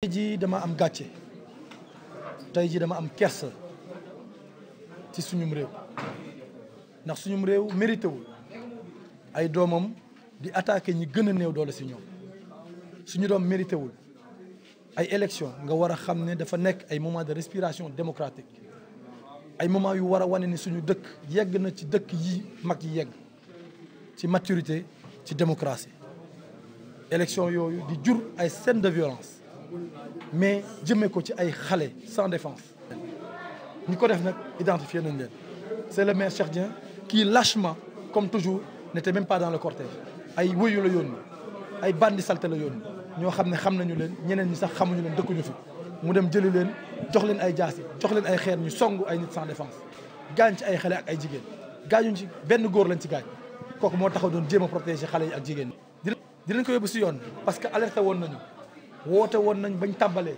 tey jii dama am gàcce tey jii dama am kersa ci suñum réew ndax suñum réew mérité wul ay doomam di attaqué ñi gën a néew doole si ñoom suñu doom mérité wul ay élection nga war a xam ne dafa nekk ay moment de respiration démocratique ay moment yu war a wane ni suñu dëkk yegg na ci dëkk yi mag yi yegg ci maturité ci démocratie élection yooyu di jur ay scène de violence mais jëmee ko ci ay xale sans défense ñi ko def nag identifier nañ leen c'est le maire Cheikh Dieng kii lâchement comme toujours n'était même pas dans le cortège ay wëyu la yónni ay bandi salté la yónni ñoo xam ne xam nañu leen ñeneen ñi sax xamuñu leen dëkkuñu fi mu dem jëli leen jox leen ay jaasi jox leen ay xeer ñu song ay nit sans défense gaañ ci ay xale ak ay jigéen gaañuñ ci benn góor lañ ci gaañ kooku moo taxaw doon jéem a xale yi ak jigéen ñi. dinañ ko yóbbu si yoon parce que alerté woon nañu. woote woon nañ bañ tàmbalee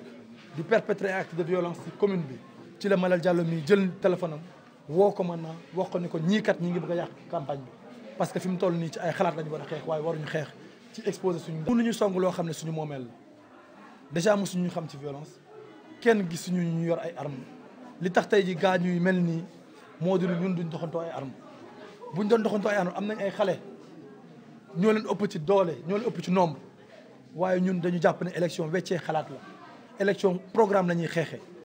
di perpétrer acte de violence ci commune bi ci la Malal Diallo mii jël téléphone woo ko man na wax ko ni ko ñii kat ñi ngi bëgg a yàq campagne bi parce que fi mu toll nii ci ay xalaat lañu war a xeex waaye waruñu xeex ci exposé suñu mun ñu song loo xam ne suñu moomeel la déjà ñu xam ci violence kenn gis suñu ñu yor ay armes li tax tey ji gaañu yu mel nii moo di ñun duñ doxantoo ay bu buñ doon doxantoo ay armes am na ay xale ñoo leen ëpp ci doole ñoo ëpp ci nombre waaye ñun dañu jàpp ne élection weccee xalaat la élection programme la ñuy xeexee